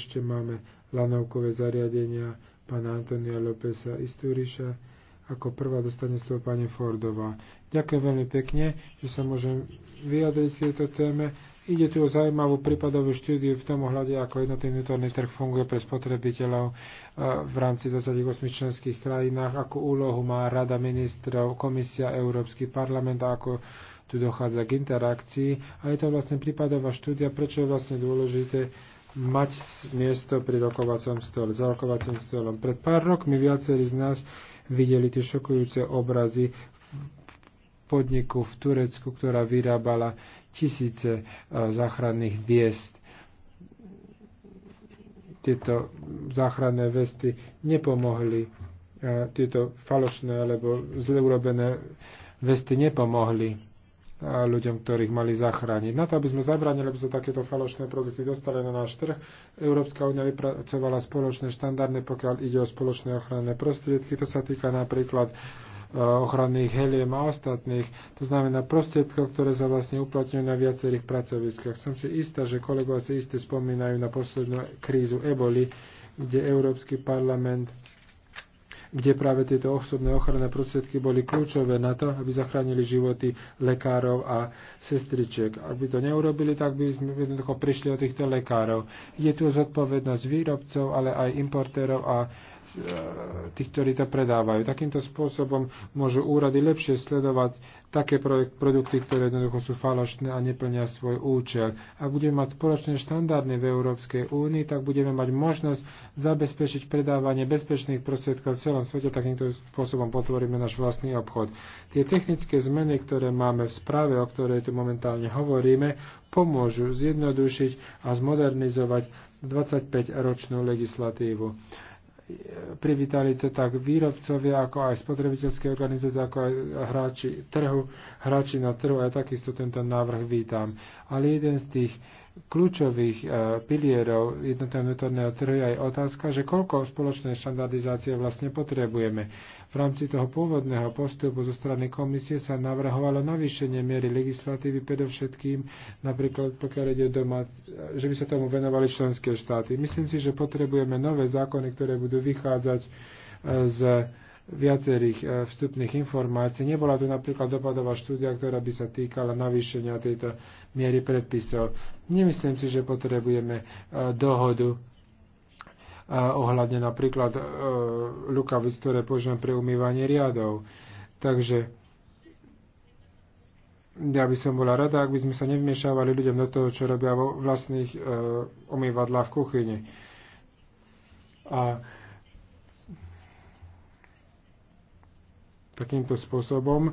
Ešte máme lanovkové zariadenia pána Antonia Lópeza Istúriša. Ako prvá dostane slovo pani Fordová. Ďakujem veľmi pekne, že sa môžem vyjadriť k tejto téme. Ide tu o zaujímavú prípadovú štúdiu v tom ohľade, ako jednotný vnútorný trh funguje pre spotrebiteľov e, v rámci 28 členských krajinách, akú úlohu má Rada ministrov, Komisia, Európsky parlament a ako tu dochádza k interakcii. A je to vlastne prípadová štúdia, prečo je vlastne dôležité mať miesto pri rokovacom stole, za rokovacím stolom. Pred pár rokmi viacerí z nás videli tie šokujúce obrazy podniku v Turecku, ktorá vyrábala tisíce e, záchranných viest. Tieto záchranné vesty nepomohli, e, tieto falošné alebo zle urobené vesty nepomohli ľuďom, ktorých mali zachrániť. Na to, aby sme zabránili, aby sa takéto falošné produkty dostali na náš trh, Európska únia vypracovala spoločné štandardy, pokiaľ ide o spoločné ochranné prostriedky. To sa týka napríklad e, ochranných heliem a ostatných, to znamená prostriedkov, ktoré sa vlastne uplatňujú na viacerých pracoviskách. Som si istá, že kolegovia si isté spomínajú na poslednú krízu eboli, kde Európsky parlament kde práve tieto osobné ochranné prostriedky boli kľúčové na to, aby zachránili životy lekárov a sestriček. Ak by to neurobili, tak by sme jednoducho prišli o týchto lekárov. Je tu zodpovednosť výrobcov, ale aj importérov a tých, ktorí to predávajú. Takýmto spôsobom môžu úrady lepšie sledovať také produkty, ktoré jednoducho sú falošné a neplnia svoj účel. Ak budeme mať spoločné štandardy v Európskej únii, tak budeme mať možnosť zabezpečiť predávanie bezpečných prostriedkov v celom svete. Takýmto spôsobom potvoríme náš vlastný obchod. Tie technické zmeny, ktoré máme v správe, o ktorej tu momentálne hovoríme, pomôžu zjednodušiť a zmodernizovať 25-ročnú legislatívu privítali to tak výrobcovia, ako aj spotrebiteľské organizácie, ako aj hráči, trhu, hráči na trhu. A ja takisto tento návrh vítam. Ale jeden z tých kľúčových e, pilierov jednotného vnútorného trhu je aj otázka, že koľko spoločnej štandardizácie vlastne potrebujeme. V rámci toho pôvodného postupu zo strany komisie sa navrhovalo navýšenie miery legislatívy, predovšetkým napríklad pokiaľ ide doma, že by sa tomu venovali členské štáty. Myslím si, že potrebujeme nové zákony, ktoré budú vychádzať e, z viacerých e, vstupných informácií. Nebola tu napríklad dopadová štúdia, ktorá by sa týkala navýšenia tejto miery predpisov. Nemyslím si, že potrebujeme e, dohodu e, ohľadne napríklad lukavic, ktoré požívam pre umývanie riadov. Takže ja by som bola rada, ak by sme sa nevmiešavali ľuďom do toho, čo robia vo vlastných umývadlách v kuchyni. A takýmto spôsobom. E,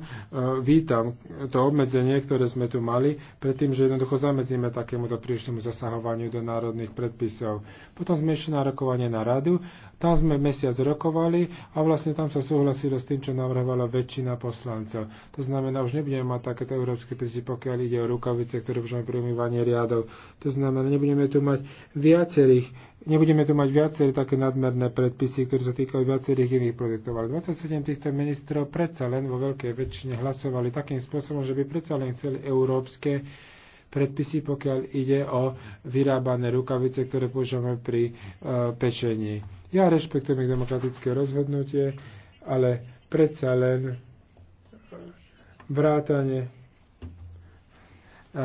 vítam to obmedzenie, ktoré sme tu mali, predtým, že jednoducho zamedzíme takémuto prílišnému zasahovaniu do národných predpisov. Potom sme išli na rokovanie na radu, tam sme mesiac rokovali a vlastne tam sa súhlasilo s tým, čo navrhovala väčšina poslancov. To znamená, už nebudeme mať takéto európske prísi, pokiaľ ide o rukavice, ktoré máme pri umývanie riadov. To znamená, nebudeme tu mať viacerých nebudeme tu mať viaceré také nadmerné predpisy, ktoré sa týkajú viacerých iných projektov. Ale 27 týchto ministrov predsa len vo veľkej väčšine hlasovali takým spôsobom, že by predsa len chceli európske predpisy, pokiaľ ide o vyrábané rukavice, ktoré používame pri e, pečení. Ja rešpektujem ich demokratické rozhodnutie, ale predsa len vrátanie e, e,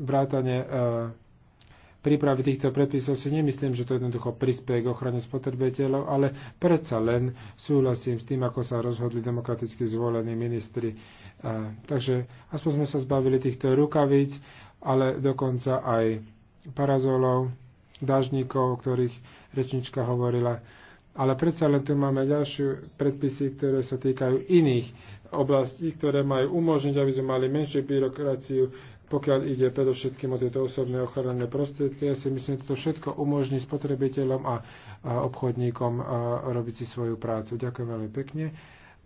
vrátane e, Príprave týchto predpisov si nemyslím, že to jednoducho prispieje k ochrane spotrebiteľov, ale predsa len súhlasím s tým, ako sa rozhodli demokraticky zvolení ministri. Takže aspoň sme sa zbavili týchto rukavíc, ale dokonca aj parazolov, dážnikov, o ktorých rečnička hovorila. Ale predsa len tu máme ďalšie predpisy, ktoré sa týkajú iných oblastí, ktoré majú umožniť, aby sme mali menšiu byrokraciu, pokiaľ ide predovšetkým o tieto osobné ochranné prostriedky. Ja si myslím, že to všetko umožní spotrebiteľom a, a obchodníkom a, robiť si svoju prácu. Ďakujem veľmi pekne.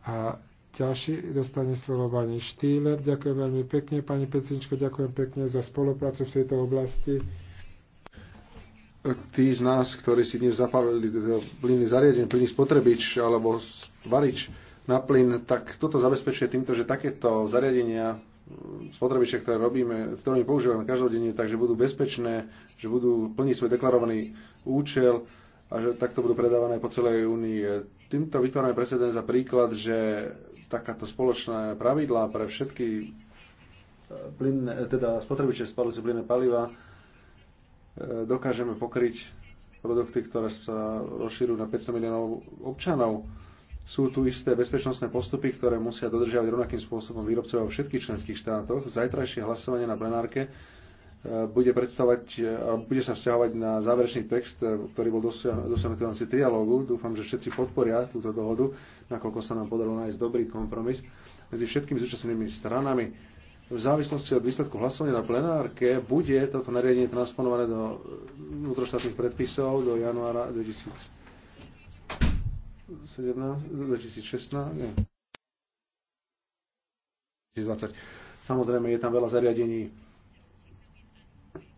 A ďalší dostane slovo pani Štýler. Ďakujem veľmi pekne. Pani Pecinčko, ďakujem pekne za spoluprácu v tejto oblasti. Tí z nás, ktorí si dnes zapálili plynný zariadenie, plynný spotrebič alebo varič na plyn, tak toto zabezpečuje týmto, že takéto zariadenia spotrebiče, ktoré robíme, ktorými používame každodenne, takže budú bezpečné, že budú plniť svoj deklarovaný účel a že takto budú predávané po celej únii. Týmto vytvárame precedens za príklad, že takáto spoločné pravidlá pre všetky e, plynné e, teda spotrebiče spalujúce plynné paliva e, dokážeme pokryť produkty, ktoré sa rozšírujú na 500 miliónov občanov sú tu isté bezpečnostné postupy, ktoré musia dodržiavať rovnakým spôsobom výrobcovia vo všetkých členských štátoch. Zajtrajšie hlasovanie na plenárke e, bude predstavovať, e, bude sa vzťahovať na záverečný text, e, ktorý bol dosiahnutý v rámci trialógu. Dúfam, že všetci podporia túto dohodu, nakoľko sa nám podarilo nájsť dobrý kompromis medzi všetkými zúčastnenými stranami. V závislosti od výsledku hlasovania na plenárke bude toto nariadenie transponované do vnútroštátnych predpisov do januára 2000. 2016, nie. 2020. Samozrejme, je tam veľa zariadení.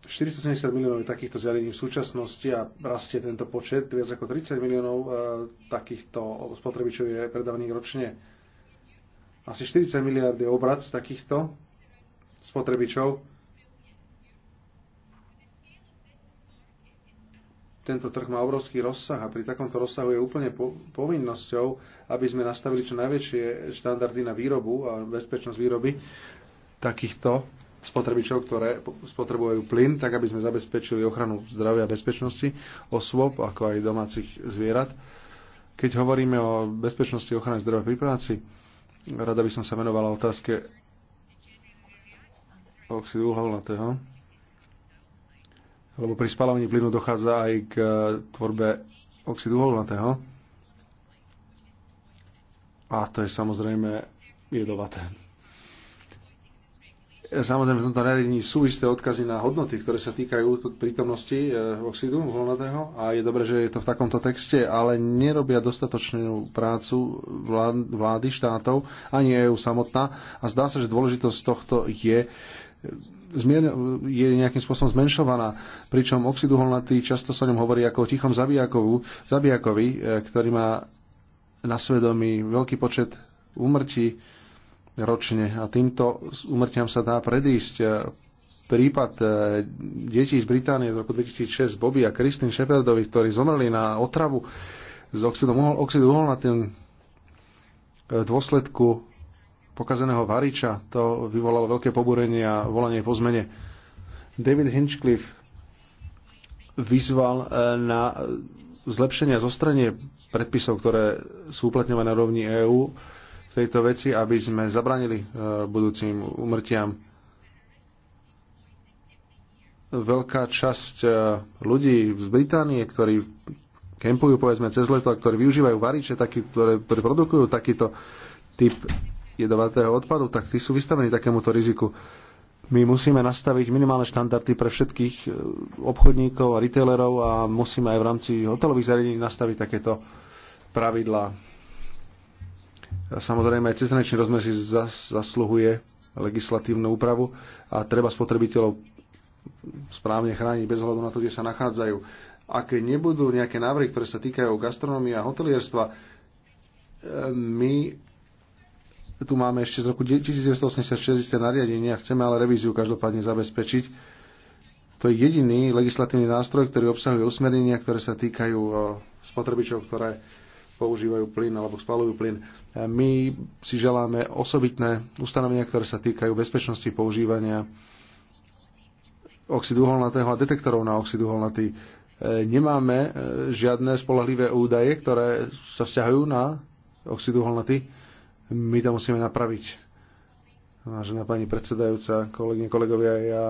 470 miliónov je takýchto zariadení v súčasnosti a rastie tento počet. Viac ako 30 miliónov e, takýchto spotrebičov je predávaných ročne. Asi 40 miliard je obrad z takýchto spotrebičov Tento trh má obrovský rozsah a pri takomto rozsahu je úplne po, povinnosťou, aby sme nastavili čo najväčšie štandardy na výrobu a bezpečnosť výroby takýchto spotrebičov, ktoré spotrebujú plyn, tak aby sme zabezpečili ochranu zdravia a bezpečnosti osôb, ako aj domácich zvierat. Keď hovoríme o bezpečnosti ochrany zdravia pri práci, rada by som sa venovala otázke oxidu uhlovnatého lebo pri spalovaní plynu dochádza aj k e, tvorbe oxidu uholnatého. A to je samozrejme jedovaté. Samozrejme, v tomto nariadení sú isté odkazy na hodnoty, ktoré sa týkajú prítomnosti e, oxidu uholnatého a je dobré, že je to v takomto texte, ale nerobia dostatočnú prácu vlády, štátov, ani EU samotná a zdá sa, že dôležitosť tohto je zmien, je nejakým spôsobom zmenšovaná, pričom oxid uholnatý často sa o ňom hovorí ako o tichom zabijakovi, e, ktorý má na svedomí veľký počet úmrtí ročne a týmto úmrtiam sa dá predísť. E, prípad e, detí z Británie z roku 2006 Bobby a Kristin Shepardovi, ktorí zomreli na otravu z oxidu, oxidu uholnatým v dôsledku pokazeného variča. To vyvolalo veľké pobúrenie a volanie po zmene. David Hinchcliffe vyzval eh, na zlepšenie a zostranie predpisov, ktoré sú uplatňované na rovni EÚ v tejto veci, aby sme zabranili eh, budúcim umrtiam. Veľká časť eh, ľudí z Británie, ktorí kempujú povedzme cez leto, ktorí využívajú variče, takí, ktoré produkujú takýto typ jedovatého odpadu, tak tí sú vystavení takémuto riziku. My musíme nastaviť minimálne štandardy pre všetkých e, obchodníkov a retailerov a musíme aj v rámci hotelových zariadení nastaviť takéto pravidlá. Samozrejme, aj cezhraničný rozmer si zasluhuje legislatívnu úpravu a treba spotrebiteľov správne chrániť bez hľadu na to, kde sa nachádzajú. A keď nebudú nejaké návrhy, ktoré sa týkajú gastronomie a hotelierstva, e, my tu máme ešte z roku 1986 nariadenie a chceme ale revíziu každopádne zabezpečiť. To je jediný legislatívny nástroj, ktorý obsahuje usmernenia, ktoré sa týkajú e, spotrebičov, ktoré používajú plyn alebo spalujú plyn. E, my si želáme osobitné ustanovenia, ktoré sa týkajú bezpečnosti používania oxidu uholnatého a detektorov na oxid uholnatý. E, nemáme žiadne spolahlivé údaje, ktoré sa vzťahujú na oxid uholnatý my to musíme napraviť. Vážená pani predsedajúca, kolegyne, kolegovia, ja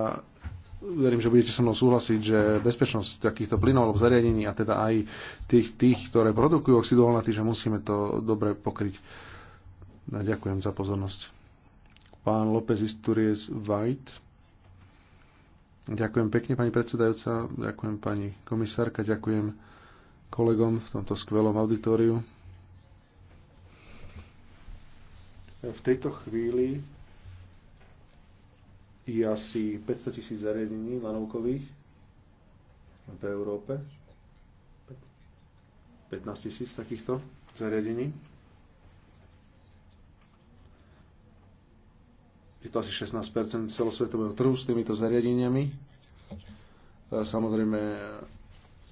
verím, že budete so mnou súhlasiť, že bezpečnosť takýchto plynov alebo zariadení a teda aj tých, tých ktoré produkujú oxidoholnaty, že musíme to dobre pokryť. A ďakujem za pozornosť. Pán López Isturies White. Ďakujem pekne, pani predsedajúca, ďakujem pani komisárka, ďakujem kolegom v tomto skvelom auditóriu. V tejto chvíli je asi 500 tisíc zariadení lanovkových v Európe. 15 tisíc takýchto zariadení. Je to asi 16 celosvetového trhu s týmito zariadeniami. E, samozrejme,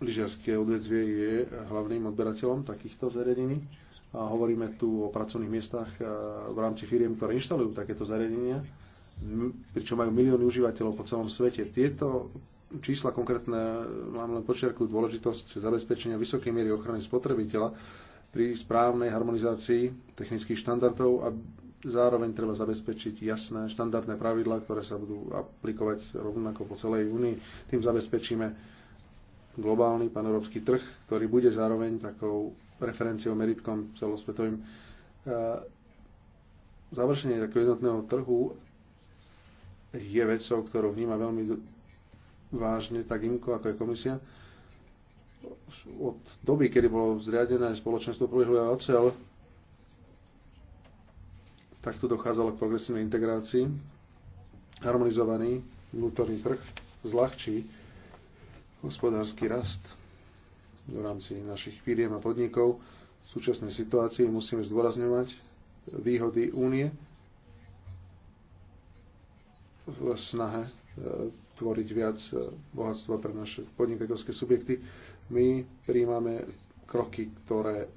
lyžiarské odvetvie je hlavným odberateľom takýchto zariadení a hovoríme tu o pracovných miestach e, v rámci firiem, ktoré inštalujú takéto zariadenia, pričom majú milióny užívateľov po celom svete. Tieto čísla konkrétne mám len počiarkujú dôležitosť zabezpečenia vysokej miery ochrany spotrebiteľa pri správnej harmonizácii technických štandardov a zároveň treba zabezpečiť jasné štandardné pravidlá, ktoré sa budú aplikovať rovnako po celej únii. Tým zabezpečíme globálny panorópsky trh, ktorý bude zároveň takou referenciou, meritkom celosvetovým. E, završenie takého jednotného trhu je vecou, ktorú vníma veľmi vážne tak IMCO, ako je komisia. Od doby, kedy bolo zriadené spoločenstvo prvýhľa ocel, tak tu dochádzalo k progresívnej integrácii. Harmonizovaný vnútorný trh zľahčí hospodársky rast v rámci našich firiem a podnikov. V súčasnej situácii musíme zdôrazňovať výhody únie v snahe e, tvoriť viac e, bohatstva pre naše podnikateľské subjekty. My príjmame kroky, ktoré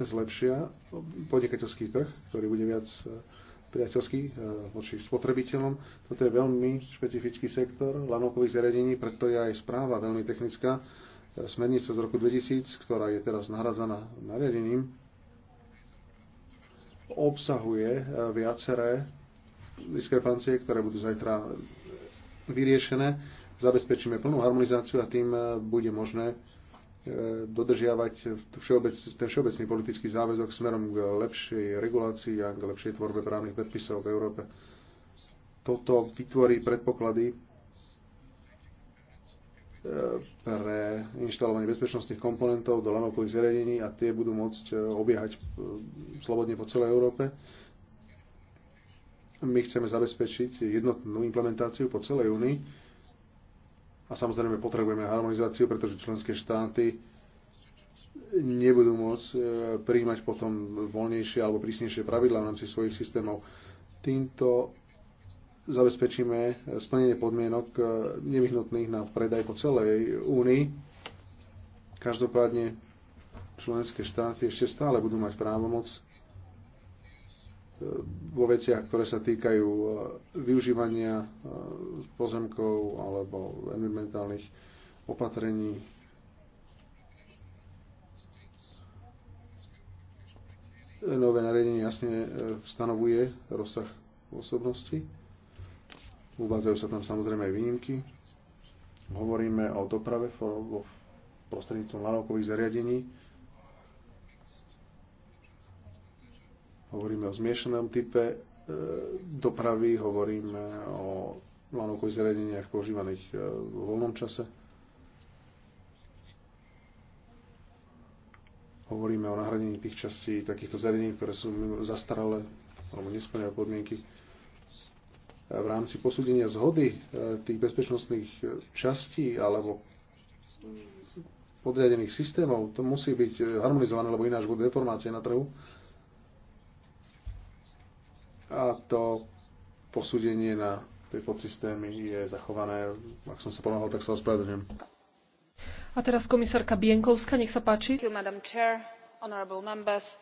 zlepšia podnikateľský trh, ktorý bude viac e, priateľský voči spotrebiteľom. Toto je veľmi špecifický sektor lanovkových zariadení, preto je aj správa veľmi technická smernica z roku 2000, ktorá je teraz nahradzaná nariadením, obsahuje e, viaceré diskrepancie, ktoré budú zajtra vyriešené. Zabezpečíme plnú harmonizáciu a tým e, bude možné e, dodržiavať ten všeobecný politický záväzok smerom k lepšej regulácii a k lepšej tvorbe právnych predpisov v Európe. Toto vytvorí predpoklady pre inštalovanie bezpečnostných komponentov do lanovkových zariadení a tie budú môcť e, obiehať e, slobodne po celej Európe. My chceme zabezpečiť jednotnú implementáciu po celej únii a samozrejme potrebujeme harmonizáciu, pretože členské štáty nebudú môcť e, príjmať potom voľnejšie alebo prísnejšie pravidlá v rámci svojich systémov. Týmto zabezpečíme splnenie podmienok e, nevyhnutných na predaj po celej únii. Každopádne členské štáty ešte stále budú mať právomoc e, vo veciach, ktoré sa týkajú e, využívania pozemkov alebo environmentálnych opatrení. Nové nariadenie jasne stanovuje rozsah osobnosti. Uvádzajú sa tam samozrejme aj výnimky. Hovoríme o doprave prostredníctvom lanovkových zariadení. Hovoríme o zmiešanom type e, dopravy, hovoríme o lanovkových zariadeniach používaných e, vo voľnom čase. Hovoríme o nahradení tých častí takýchto zariadení, ktoré sú zastaralé alebo nesplňajú podmienky v rámci posúdenia zhody e, tých bezpečnostných e, častí alebo podriadených systémov, to musí byť e, harmonizované, lebo ináč budú deformácie na trhu. A to posúdenie na tej podsystémy je zachované. Ak som sa pomáhal, tak sa ospravedlňujem. A teraz komisárka Bienkovská, nech sa páči. Thank you, Madam Chair, honorable members.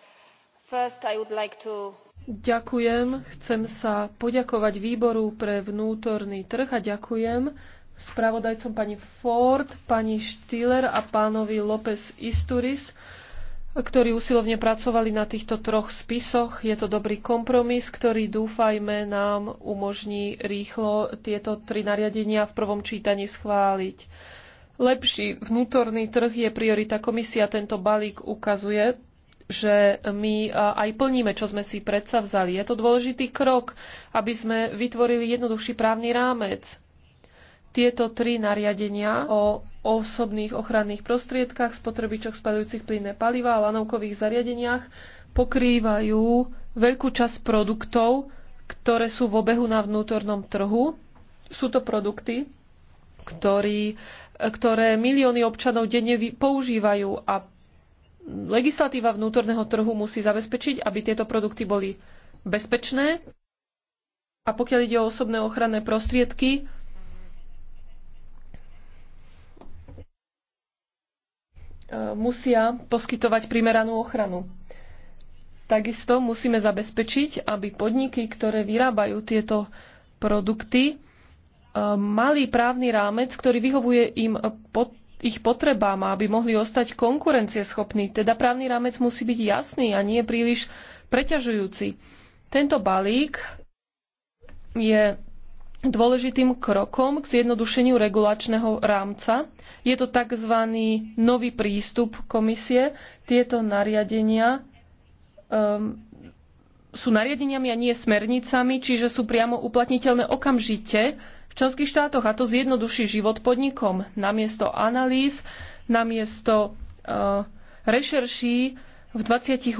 First, I would like to Ďakujem. Chcem sa poďakovať výboru pre vnútorný trh a ďakujem spravodajcom pani Ford, pani Štiller a pánovi López Isturis, ktorí usilovne pracovali na týchto troch spisoch. Je to dobrý kompromis, ktorý dúfajme nám umožní rýchlo tieto tri nariadenia v prvom čítaní schváliť. Lepší vnútorný trh je priorita komisia. Tento balík ukazuje, že my aj plníme, čo sme si predsa vzali. Je to dôležitý krok, aby sme vytvorili jednoduchší právny rámec. Tieto tri nariadenia o osobných ochranných prostriedkach, spotrebičoch spadujúcich plynné paliva a lanovkových zariadeniach pokrývajú veľkú časť produktov, ktoré sú v obehu na vnútornom trhu. Sú to produkty, ktorý, ktoré milióny občanov denne používajú a legislatíva vnútorného trhu musí zabezpečiť, aby tieto produkty boli bezpečné. A pokiaľ ide o osobné ochranné prostriedky, e, musia poskytovať primeranú ochranu. Takisto musíme zabezpečiť, aby podniky, ktoré vyrábajú tieto produkty, e, mali právny rámec, ktorý vyhovuje im pod ich potrebám a aby mohli ostať konkurencieschopní. Teda právny rámec musí byť jasný a nie príliš preťažujúci. Tento balík je dôležitým krokom k zjednodušeniu regulačného rámca. Je to tzv. nový prístup komisie. Tieto nariadenia um, sú nariadeniami a nie smernicami, čiže sú priamo uplatniteľné okamžite členských štátoch a to zjednoduší život podnikom. Namiesto analýz, namiesto uh, rešerší v 28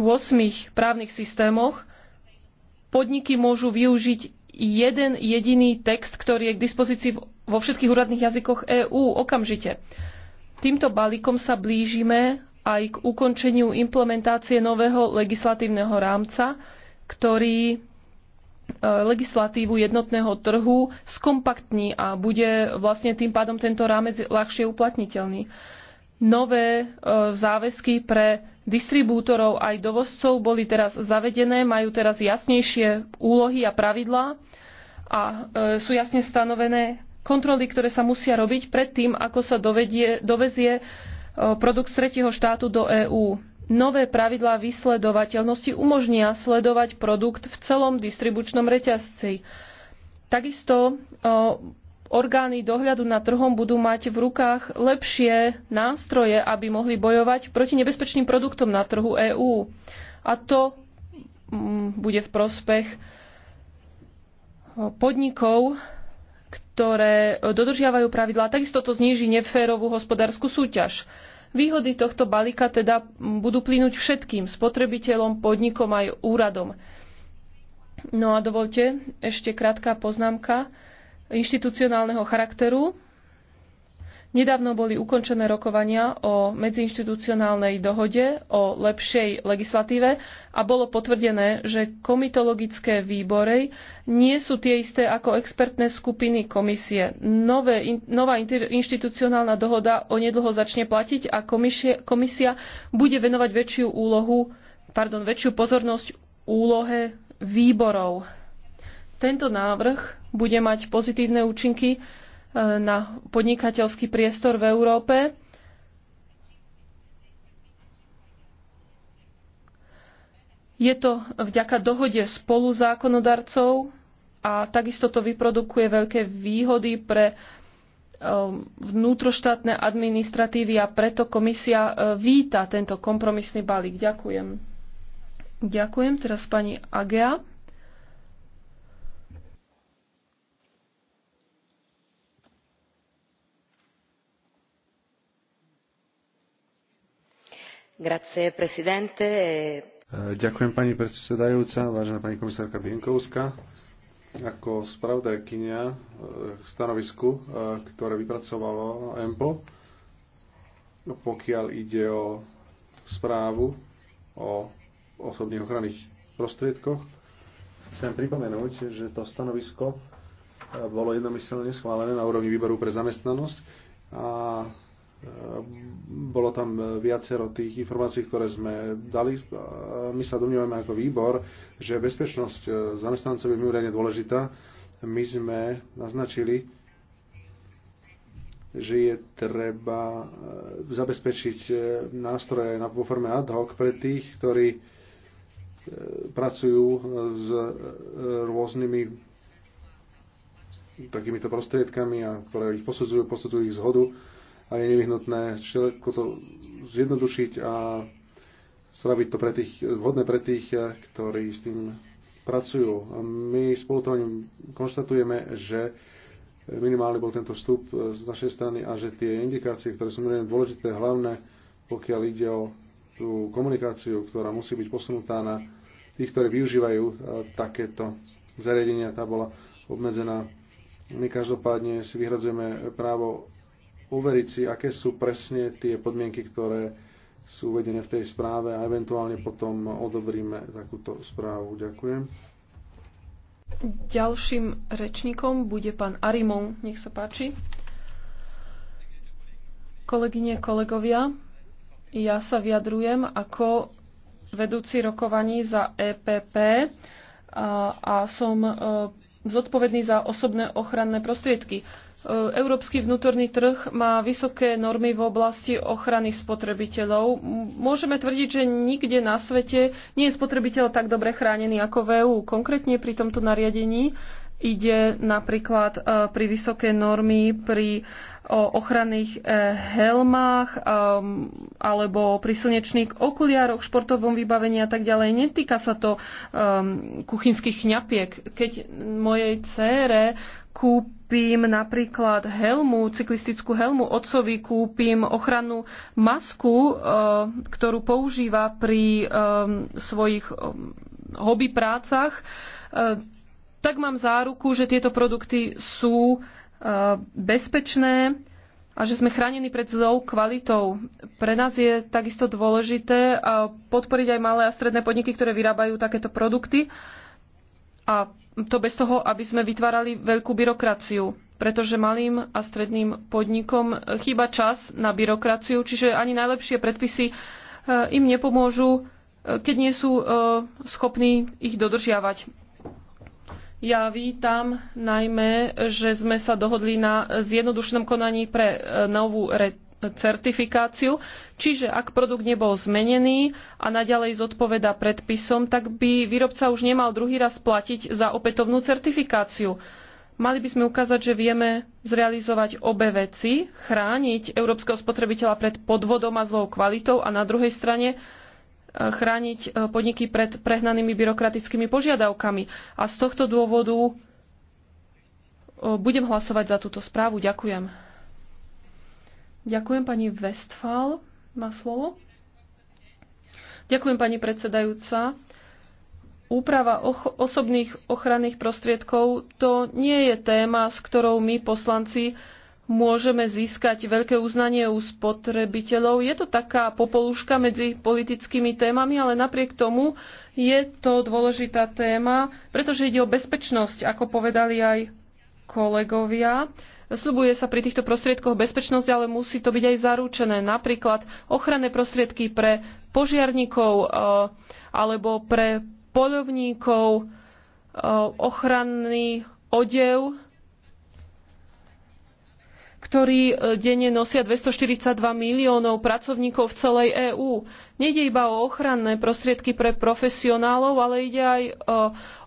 právnych systémoch podniky môžu využiť jeden jediný text, ktorý je k dispozícii vo všetkých úradných jazykoch EÚ okamžite. Týmto balíkom sa blížime aj k ukončeniu implementácie nového legislatívneho rámca, ktorý Eh, legislatívu jednotného trhu skompaktní a bude vlastne tým pádom tento rámec ľahšie uplatniteľný. Nové eh, záväzky pre distribútorov aj dovozcov boli teraz zavedené, majú teraz jasnejšie úlohy a pravidlá a eh, sú jasne stanovené kontroly, ktoré sa musia robiť pred tým, ako sa dovedie, dovezie produkt z tretieho štátu do EÚ. Nové pravidlá vysledovateľnosti umožnia sledovať produkt v celom distribučnom reťazci. Takisto orgány dohľadu nad trhom budú mať v rukách lepšie nástroje, aby mohli bojovať proti nebezpečným produktom na trhu EÚ. A to mm, bude v prospech podnikov, ktoré dodržiavajú pravidlá. Takisto to zníži neférovú hospodárskú súťaž. Výhody tohto balíka teda budú plynúť všetkým spotrebiteľom, podnikom aj úradom. No a dovolte ešte krátka poznámka inštitucionálneho charakteru. Nedávno boli ukončené rokovania o medziinštitucionálnej dohode o lepšej legislatíve a bolo potvrdené, že komitologické výbory nie sú tie isté ako expertné skupiny komisie. Nové, in, nová inštitucionálna dohoda onedlho začne platiť a komisie, komisia bude venovať väčšiu úlohu, pardon, väčšiu pozornosť úlohe výborov. Tento návrh bude mať pozitívne účinky na podnikateľský priestor v Európe. Je to vďaka dohode spolu zákonodarcov a takisto to vyprodukuje veľké výhody pre um, vnútroštátne administratívy a preto komisia uh, víta tento kompromisný balík. Ďakujem. Ďakujem teraz pani Agea. Eh, ďakujem pani predsedajúca, vážená pani komisárka Bienkovská. Ako spravodajkyňa eh, k stanovisku, eh, ktoré vypracovalo EMPO, pokiaľ ide o správu o osobných ochranných prostriedkoch. Chcem pripomenúť, že to stanovisko bolo jednomyselne schválené na úrovni výboru pre zamestnanosť a Ehm, bolo tam viacero tých informácií, ktoré sme dali. My sa domnievame ako výbor, že bezpečnosť e, zamestnancov je mimoriadne dôležitá. My sme naznačili, že je treba e, zabezpečiť e, nástroje na vo forme ad hoc pre tých, ktorí pracujú s rôznymi takýmito prostriedkami a ktoré ich posudzujú, posudzujú ich zhodu a je nevyhnutné všetko to zjednodušiť a spraviť to pre tých, vhodné pre tých, ktorí s tým pracujú. A my to konštatujeme, že minimálny bol tento vstup z našej strany a že tie indikácie, ktoré sú mnohem dôležité, hlavné, pokiaľ ide o tú komunikáciu, ktorá musí byť posunutá na tých, ktorí využívajú e, takéto zariadenia, tá bola obmedzená. My každopádne si vyhradzujeme právo overiť si, aké sú presne tie podmienky, ktoré sú uvedené v tej správe a eventuálne potom odobríme takúto správu. Ďakujem. Ďalším rečníkom bude pán Arimov. Nech sa páči. Kolegyne, kolegovia, ja sa vyjadrujem ako vedúci rokovaní za EPP a, a som e, zodpovedný za osobné ochranné prostriedky. E, Európsky vnútorný trh má vysoké normy v oblasti ochrany spotrebiteľov. Môžeme tvrdiť, že nikde na svete nie je spotrebiteľ tak dobre chránený ako v EÚ. Konkrétne pri tomto nariadení Ide napríklad e, pri vysoké normy pri e, ochranných e, helmách alebo pri slnečných okuliároch, športovom vybavení a tak ďalej. Netýka sa to kuchynských chňapiek. Keď mojej cére kúpim napríklad helmu, cyklistickú helmu, otcovi kúpim ochrannú masku, ktorú používa pri svojich hobby prácach, tak mám záruku, že tieto produkty sú e, bezpečné a že sme chránení pred zlou kvalitou. Pre nás je takisto dôležité e, podporiť aj malé a stredné podniky, ktoré vyrábajú takéto produkty a to bez toho, aby sme vytvárali veľkú byrokraciu pretože malým a stredným podnikom chýba čas na byrokraciu, čiže ani najlepšie predpisy e, im nepomôžu, keď nie sú schopní ich dodržiavať. Ja vítam najmä, že sme sa dohodli na zjednodušenom konaní pre e, novú certifikáciu, čiže ak produkt nebol zmenený a naďalej zodpoveda predpisom, tak by výrobca už nemal druhý raz platiť za opätovnú certifikáciu. Mali by sme ukázať, že vieme zrealizovať obe veci, chrániť európskeho spotrebiteľa pred podvodom a zlou kvalitou a na druhej strane E, chrániť e, podniky pred prehnanými byrokratickými požiadavkami. A z tohto dôvodu e, budem hlasovať za túto správu. Ďakujem. Ďakujem pani Westphal. Má slovo. Ďakujem pani predsedajúca. Úprava osobných ochranných prostriedkov to nie je téma, s ktorou my poslanci môžeme získať veľké uznanie u spotrebiteľov. Je to taká popoluška medzi politickými témami, ale napriek tomu je to dôležitá téma, pretože ide o bezpečnosť, ako povedali aj kolegovia. Sľubuje sa pri týchto prostriedkoch bezpečnosť, ale musí to byť aj zaručené. Napríklad ochranné prostriedky pre požiarníkov e, alebo pre poľovníkov, e, ochranný odev ktorí e, denne nosia 242 miliónov pracovníkov v celej EÚ. Nejde iba o ochranné prostriedky pre profesionálov, ale ide aj e,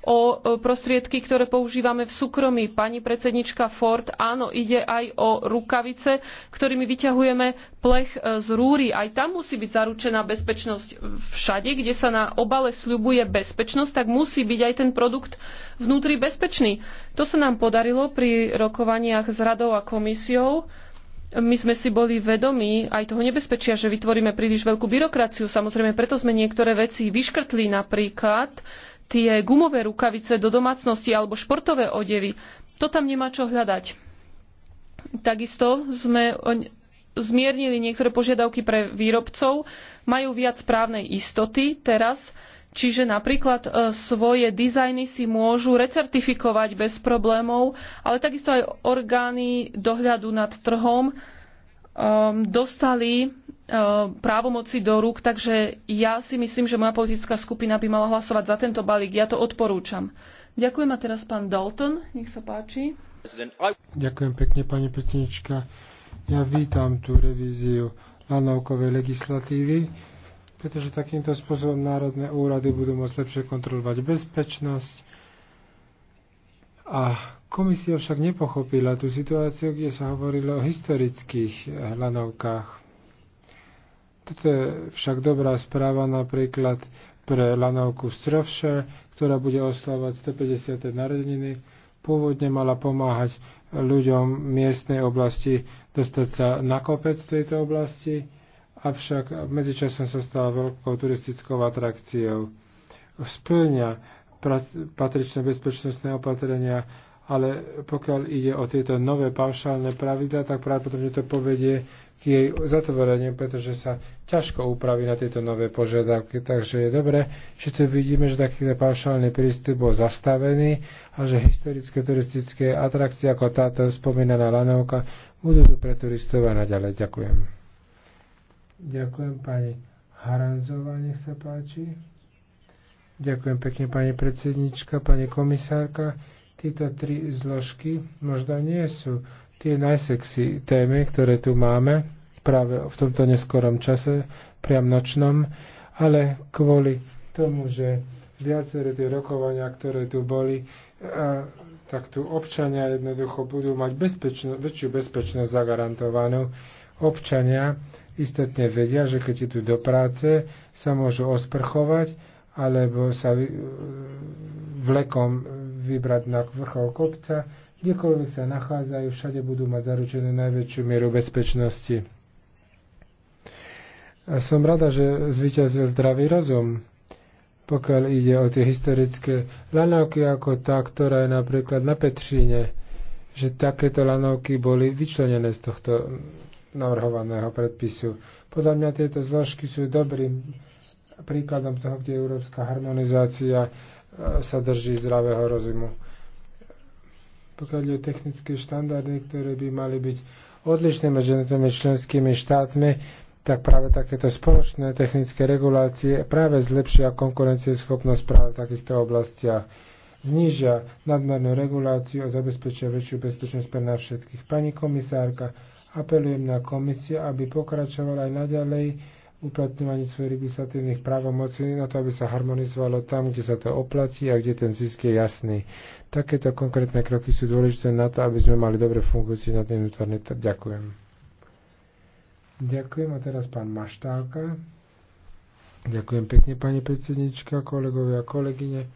o e, prostriedky, ktoré používame v súkromí. Pani predsednička Ford, áno, ide aj o rukavice, ktorými vyťahujeme plech e, z rúry. Aj tam musí byť zaručená bezpečnosť. Všade, kde sa na obale sľubuje bezpečnosť, tak musí byť aj ten produkt vnútri bezpečný. To sa nám podarilo pri rokovaniach s radou a komisiou my sme si boli vedomí, aj toho nebezpečia, že vytvoríme príliš veľkú byrokraciu. Samozrejme, preto sme niektoré veci vyškrtli, napríklad tie gumové rukavice do domácnosti alebo športové odevy. To tam nemá čo hľadať. Takisto sme zmiernili niektoré požiadavky pre výrobcov, majú viac právnej istoty teraz Čiže napríklad e, svoje dizajny si môžu recertifikovať bez problémov, ale takisto aj orgány dohľadu nad trhom e, dostali e, právomoci do rúk, takže ja si myslím, že moja politická skupina by mala hlasovať za tento balík. Ja to odporúčam. Ďakujem a teraz pán Dalton, nech sa páči. Ďakujem pekne, pani predsednička. Ja vítam tú revíziu lanovkovej legislatívy pretože takýmto spôsobom národné úrady budú môcť lepšie kontrolovať bezpečnosť. A komisia však nepochopila tú situáciu, kde sa hovorilo o historických hľadovkách. Toto je však dobrá správa napríklad pre lanovku Strovše, ktorá bude oslavovať 150. narodeniny. Pôvodne mala pomáhať ľuďom miestnej oblasti dostať sa na kopec tejto oblasti avšak medzičasom sa stala veľkou turistickou atrakciou. Splňa patričné bezpečnostné opatrenia, ale pokiaľ ide o tieto nové paušálne pravidla, tak pravdepodobne to povedie k jej zatvoreniu, pretože sa ťažko upraví na tieto nové požiadavky. Takže je dobré, že tu vidíme, že takýto paušálny prístup bol zastavený a že historické turistické atrakcie ako táto spomínaná lanovka budú tu pre turistov a naďalej. Ďakujem. Ďakujem pani Haranzová, nech sa páči. Ďakujem pekne pani predsednička, pani komisárka. Tieto tri zložky možno nie sú tie najsexy témy, ktoré tu máme práve v tomto neskorom čase, priam nočnom, ale kvôli tomu, že viaceré tie rokovania, ktoré tu boli, a, tak tu občania jednoducho budú mať bezpečno, väčšiu bezpečnosť zagarantovanú občania istotne vedia, že keď idú do práce, sa môžu osprchovať alebo sa vlekom vybrať na vrchol kopca, kdekoľvek sa nachádzajú, všade budú mať zaručenú najväčšiu mieru bezpečnosti. A som rada, že zvyťazil zdravý rozum, pokiaľ ide o tie historické lanovky ako tá, ktorá je napríklad na Petríne, že takéto lanovky boli vyčlenené z tohto navrhovaného predpisu. Podľa mňa tieto zložky sú dobrým príkladom toho, kde európska harmonizácia e, sa drží zdravého rozumu. Pokiaľ je technické štandardy, ktoré by mali byť odlišné medzi jednotlivými členskými štátmi, tak práve takéto spoločné technické regulácie práve zlepšia konkurencieschopnosť práve v takýchto oblastiach znížia nadmernú reguláciu a zabezpečia väčšiu bezpečnosť pre nás všetkých. Pani komisárka, Apelujem na komisiu, aby pokračovala aj naďalej uplatňovanie svojich legislatívnych právomocí na to, aby sa harmonizovalo tam, kde sa to oplatí a kde ten zisk je jasný. Takéto konkrétne kroky sú dôležité na to, aby sme mali dobre fungujúci na ten vnútorný trh. Ďakujem. Ďakujem a teraz pán Maštálka. Ďakujem pekne, pani predsednička, kolegovia a kolegyne.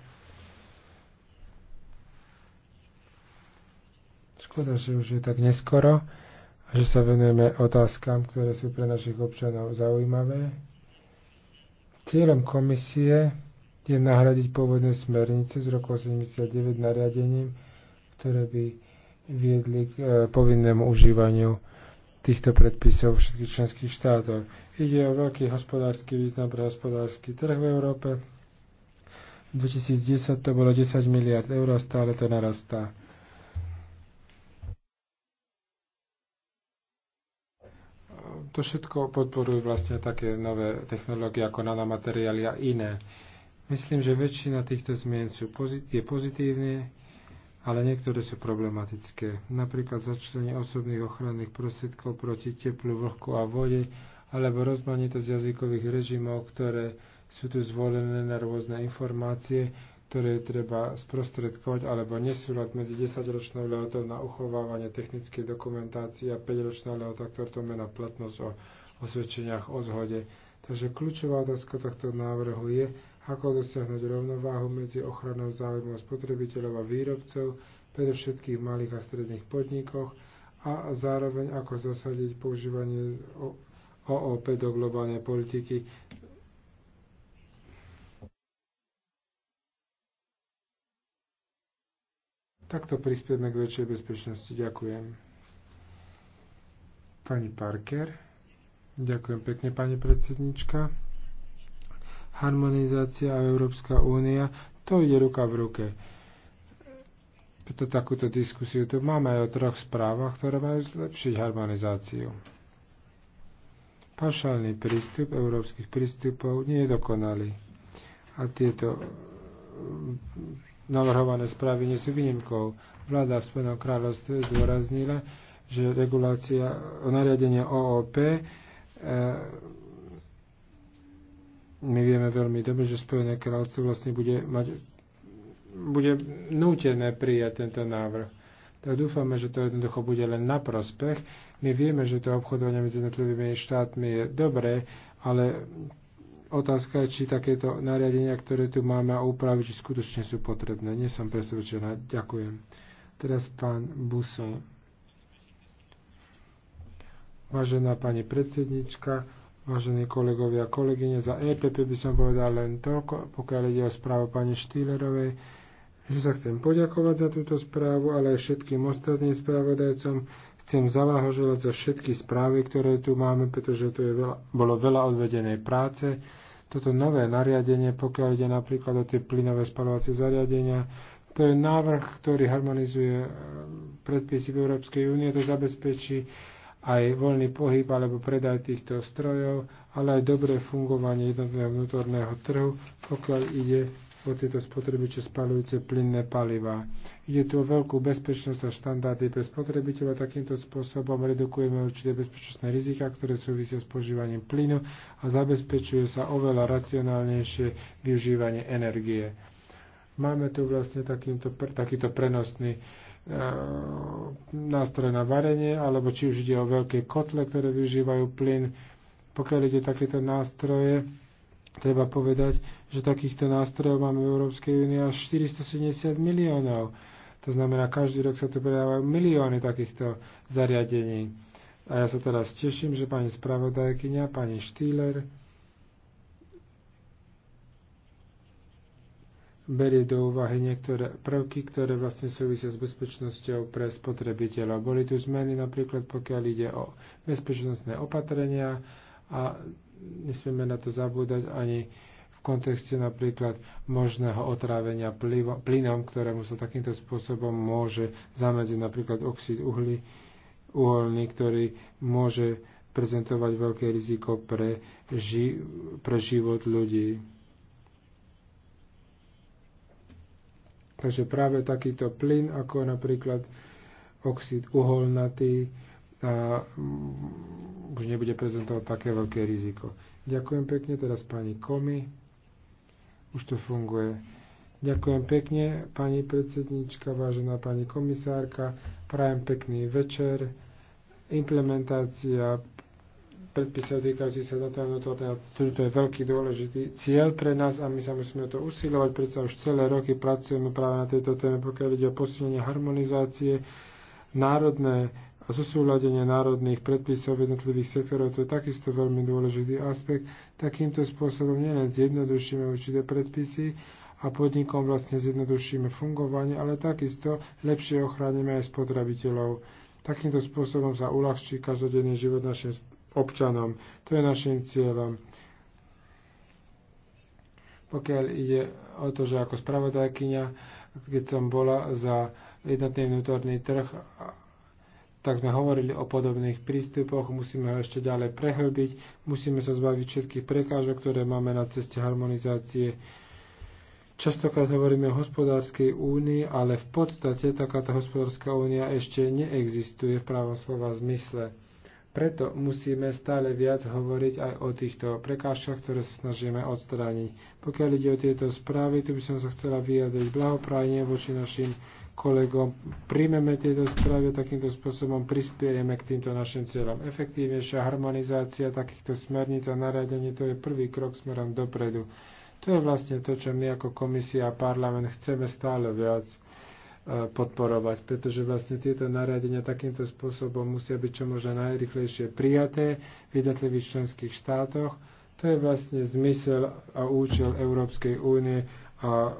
Škoda, že už je tak neskoro že sa venujeme otázkam, ktoré sú pre našich občanov zaujímavé. Cieľom komisie je nahradiť pôvodné smernice z roku 1989 nariadením, ktoré by viedli k e, povinnému užívaniu týchto predpisov všetkých členských štátov. Ide o veľký hospodársky význam pre hospodársky trh v Európe. V 2010 to bolo 10 miliard eur a stále to narastá. To všetko podporujú vlastne také nové technológie ako nanomateriály a iné. Myslím, že väčšina týchto zmien sú pozit- je pozitívne, ale niektoré sú problematické. Napríklad začlenie osobných ochranných prostriedkov proti teplu, vlhku a vode, alebo rozmanitosť jazykových režimov, ktoré sú tu zvolené na rôzne informácie, ktoré treba sprostredkovať, alebo nesúľad medzi 10-ročnou lehotou na uchovávanie technickej dokumentácie a 5-ročná lehota, ktorá to mená platnosť o osvedčeniach o zhode. Takže kľúčová otázka tohto návrhu je, ako dosiahnuť rovnováhu medzi ochranou záujmov spotrebiteľov a výrobcov, predovšetkých malých a stredných podnikoch, a zároveň ako zasadiť používanie OOP do globálnej politiky Takto prispieme k väčšej bezpečnosti. Ďakujem. Pani Parker. Ďakujem pekne, pani predsednička. Harmonizácia a Európska únia, to ide ruka v ruke. Preto takúto diskusiu tu máme aj o troch správach, ktoré majú zlepšiť harmonizáciu. Pašálny prístup európskych prístupov nie je dokonalý. A tieto navrhované správy nie sú výnimkou. Vláda v Spojenom kráľovstve zdôraznila, že regulácia nariadenie OOP e, my vieme veľmi dobre, že Spojené kráľovstvo vlastne bude mať bude nútené prijať tento návrh tak dúfame, že to jednoducho bude len na prospech. My vieme, že to obchodovanie medzi jednotlivými štátmi je dobré, ale Otázka je, či takéto nariadenia, ktoré tu máme a úpravy, či skutočne sú potrebné. Nie som presvedčená. Ďakujem. Teraz pán Buson. Vážená pani predsednička, vážení kolegovia a kolegyne, za EPP by som povedal len toľko, pokiaľ ide o správu pani Štýlerovej, že sa chcem poďakovať za túto správu, ale aj všetkým ostatným spravodajcom, chcem zaváhoželať za všetky správy, ktoré tu máme, pretože tu je veľa, bolo veľa odvedenej práce toto nové nariadenie, pokiaľ ide napríklad o tie plynové spalovacie zariadenia, to je návrh, ktorý harmonizuje eh, predpisy v Európskej únie, to zabezpečí aj voľný pohyb alebo predaj týchto strojov, ale aj dobré fungovanie jednotného vnútorného trhu, pokiaľ ide o tieto spotrebiče spalujúce plynné palivá. Ide tu o veľkú bezpečnosť a štandardy pre spotrebiteľa. Takýmto spôsobom redukujeme určité bezpečnostné rizika, ktoré súvisia s požívaním plynu a zabezpečuje sa oveľa racionálnejšie využívanie energie. Máme tu vlastne takýmto, takýto prenosný e, nástroj na varenie, alebo či už ide o veľké kotle, ktoré využívajú plyn. Pokiaľ ide takéto nástroje, Treba povedať, že takýchto nástrojov máme v Európskej únii až 470 miliónov. To znamená, každý rok sa tu predávajú milióny takýchto zariadení. A ja sa teraz teším, že pani spravodajkynia, pani Štýler, berie do úvahy niektoré prvky, ktoré vlastne súvisia s bezpečnosťou pre spotrebiteľov. Boli tu zmeny napríklad, pokiaľ ide o bezpečnostné opatrenia a nesmieme na to zabúdať ani v kontexte napríklad možného otrávenia plynom, ktorému sa takýmto spôsobom môže zamedziť napríklad oxid uhly, uholný, ktorý môže prezentovať veľké riziko pre, ži- pre život ľudí. Takže práve takýto plyn, ako napríklad oxid uholnatý, a už nebude prezentovať také veľké riziko. Ďakujem pekne teraz pani Komi. Už to funguje. Ďakujem pekne, pani predsednička, vážená pani komisárka. Prajem pekný večer. Implementácia predpisov týkajúci sa datového notárneho to je veľký dôležitý cieľ pre nás a my sa musíme to usilovať, predsa už celé roky pracujeme práve na tejto téme, pokiaľ ide o posilnenie harmonizácie národné a zosúladenie národných predpisov jednotlivých sektorov, to je takisto veľmi dôležitý aspekt. Takýmto spôsobom nielen zjednodušíme určité predpisy a podnikom vlastne zjednodušíme fungovanie, ale takisto lepšie ochránime aj spotrebiteľov. Takýmto spôsobom sa uľahčí každodenný život našim občanom. To je našim cieľom. Pokiaľ ide o to, že ako spravodajkyňa, keď som bola za jednotný vnútorný trh tak sme hovorili o podobných prístupoch, musíme ho ešte ďalej prehlbiť, musíme sa zbaviť všetkých prekážok, ktoré máme na ceste harmonizácie. Častokrát hovoríme o hospodárskej únii, ale v podstate takáto hospodárska únia ešte neexistuje v právom slova zmysle. Preto musíme stále viac hovoriť aj o týchto prekážkach, ktoré sa snažíme odstrániť. Pokiaľ ide o tieto správy, tu by som sa chcela vyjadriť blahoprajne voči našim kolegom príjmeme tieto správy a takýmto spôsobom prispiejeme k týmto našim cieľom. Efektívnejšia harmonizácia takýchto smerníc a naradení to je prvý krok smerom dopredu. To je vlastne to, čo my ako komisia a parlament chceme stále viac e, podporovať, pretože vlastne tieto nariadenia takýmto spôsobom musia byť čo možno najrychlejšie prijaté v jednotlivých členských štátoch. To je vlastne zmysel a účel Európskej únie a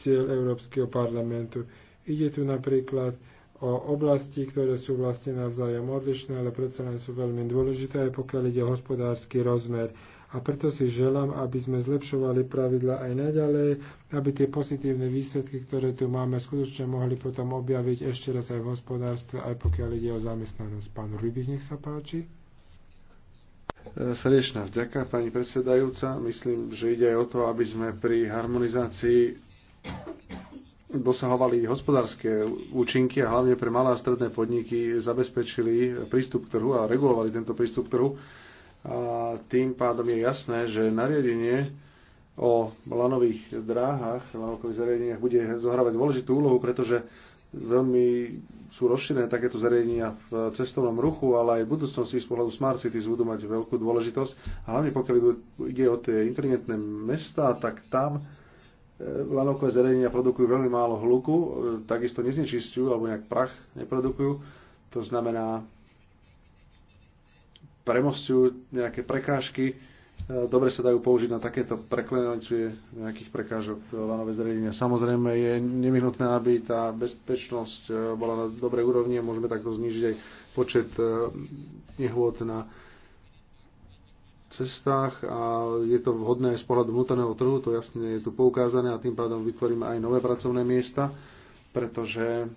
cieľ Európskeho parlamentu. Ide tu napríklad o oblasti, ktoré sú vlastne navzájom odlišné, ale predsa len sú veľmi dôležité, aj pokiaľ ide o hospodársky rozmer. A preto si želám, aby sme zlepšovali pravidla aj naďalej, aby tie pozitívne výsledky, ktoré tu máme, skutočne mohli potom objaviť ešte raz aj v hospodárstve, aj pokiaľ ide o zamestnanosť. Pán Rybich, nech sa páči. E, srdečná vďaka, pani predsedajúca. Myslím, že ide aj o to, aby sme pri harmonizácii dosahovali hospodárske účinky a hlavne pre malé a stredné podniky zabezpečili prístup k trhu a regulovali tento prístup k trhu. A tým pádom je jasné, že nariadenie o lanových dráhach, lanových zariadeniach bude zohrávať dôležitú úlohu, pretože veľmi sú rozšírené takéto zariadenia v cestovnom ruchu, ale aj v budúcnosti z pohľadu Smart Cities budú mať veľkú dôležitosť. A hlavne pokiaľ ide o tie inteligentné mesta, tak tam E, lanovkové zariadenia produkujú veľmi málo hluku, e, takisto neznečistujú alebo nejak prach neprodukujú. To znamená, premostujú nejaké prekážky, e, dobre sa dajú použiť na takéto preklenujúce nejakých prekážok lanové zariadenia. Samozrejme je nevyhnutné, aby tá bezpečnosť bola na dobrej úrovni a môžeme takto znižiť aj počet nehôd na cestách a je to vhodné aj z pohľadu vnútorného trhu, to jasne je tu poukázané a tým pádom vytvoríme aj nové pracovné miesta, pretože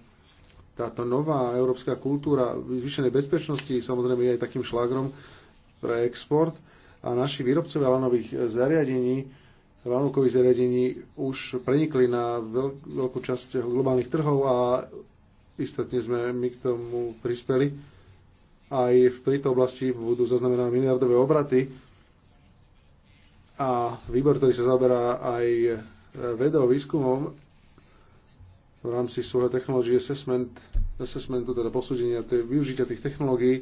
táto nová európska kultúra zvýšenej bezpečnosti samozrejme je aj takým šlágrom pre export a naši výrobcovia lanových zariadení, lanovkových zariadení už prenikli na veľkú časť globálnych trhov a istotne sme my k tomu prispeli aj v tejto oblasti budú zaznamenané miliardové obraty a výbor, ktorý sa zaoberá aj e, vedou, výskumom v rámci svojho technology assessment, assessmentu, teda posúdenia využitia tých technológií,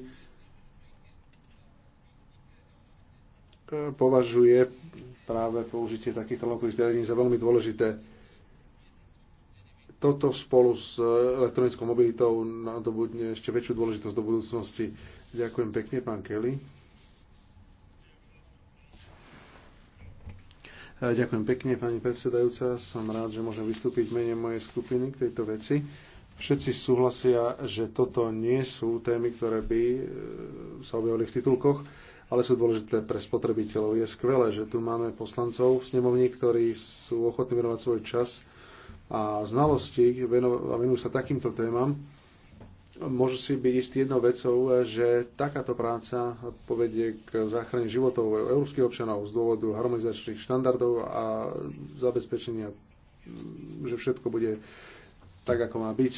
považuje práve použitie takýchto lokových zariadení za veľmi dôležité. Toto spolu s e, elektronickou mobilitou nadobudne ešte väčšiu dôležitosť do budúcnosti. Ďakujem pekne, pán Kelly. Ďakujem pekne, pani predsedajúca. Som rád, že môžem vystúpiť v mene mojej skupiny k tejto veci. Všetci súhlasia, že toto nie sú témy, ktoré by e, sa objavili v titulkoch, ale sú dôležité pre spotrebiteľov. Je skvelé, že tu máme poslancov v snemovni, ktorí sú ochotní venovať svoj čas a znalosti a venujú sa takýmto témam môžu si byť istý jednou vecou, že takáto práca povedie k záchrane životov európskych občanov z dôvodu harmonizačných štandardov a zabezpečenia, že všetko bude tak, ako má byť.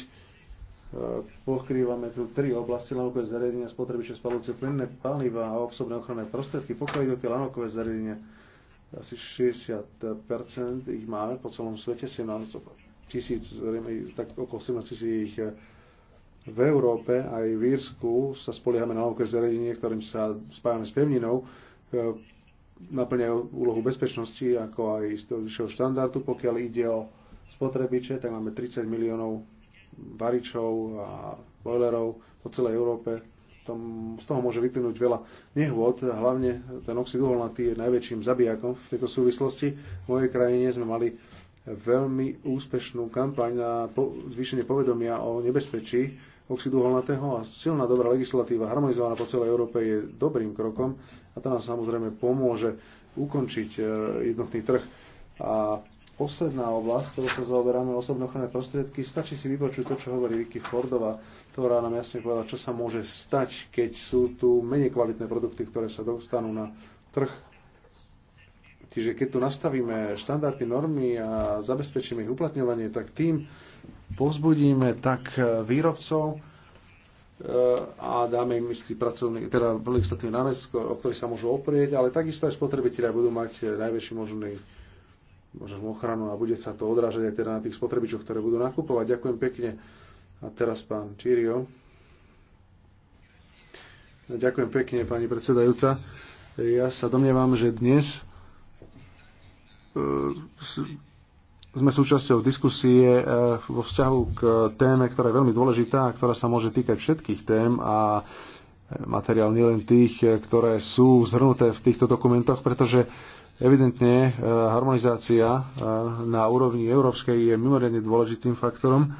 Pokrývame tu tri oblasti, lanokové zariadenia, spotrebiče spalujúce plynné paliva a obsobné ochranné prostriedky. Pokiaľ ide o tie lanokové zariadenia, asi 60% ich máme po celom svete, 17 tisíc, tak okolo 17 tisíc ich eh, v Európe aj v Írsku sa spoliehame na novké zariadenie, ktorým sa spájame s pevninou, e, naplňajú úlohu bezpečnosti, ako aj istého vyššieho štandardu. Pokiaľ ide o spotrebiče, tak máme 30 miliónov varičov a boilerov po celej Európe. Tom, z toho môže vyplynúť veľa nehôd, hlavne ten oxid uholnatý je najväčším zabijakom v tejto súvislosti. V mojej krajine sme mali veľmi úspešnú kampaň na po, zvýšenie povedomia o nebezpečí oxidu holnatého a silná dobrá legislatíva harmonizovaná po celej Európe je dobrým krokom a to nám samozrejme pomôže ukončiť e, jednotný trh. A posledná oblasť, ktorú sa zaoberáme, osobné ochranné prostriedky, stačí si vypočuť to, čo hovorí Vicky Fordová, ktorá nám jasne povedala, čo sa môže stať, keď sú tu menej kvalitné produkty, ktoré sa dostanú na trh Čiže keď tu nastavíme štandardy, normy a zabezpečíme ich uplatňovanie, tak tým povzbudíme tak e, výrobcov e, a dáme im istý pracovný, teda legislatívny námec, o ktorý sa môžu oprieť, ale takisto aj spotrebitelia budú mať e, najväčší možný možno ochranu a bude sa to odrážať aj teda na tých spotrebičoch, ktoré budú nakupovať. Ďakujem pekne. A teraz pán Čírio. Ďakujem pekne, pani predsedajúca. Ja sa domnievam, že dnes E, sme súčasťou diskusie e, vo vzťahu k téme, ktorá je veľmi dôležitá, ktorá sa môže týkať všetkých tém a materiál nielen tých, e, ktoré sú zhrnuté v týchto dokumentoch, pretože evidentne harmonizácia na úrovni európskej je mimoriadne dôležitým faktorom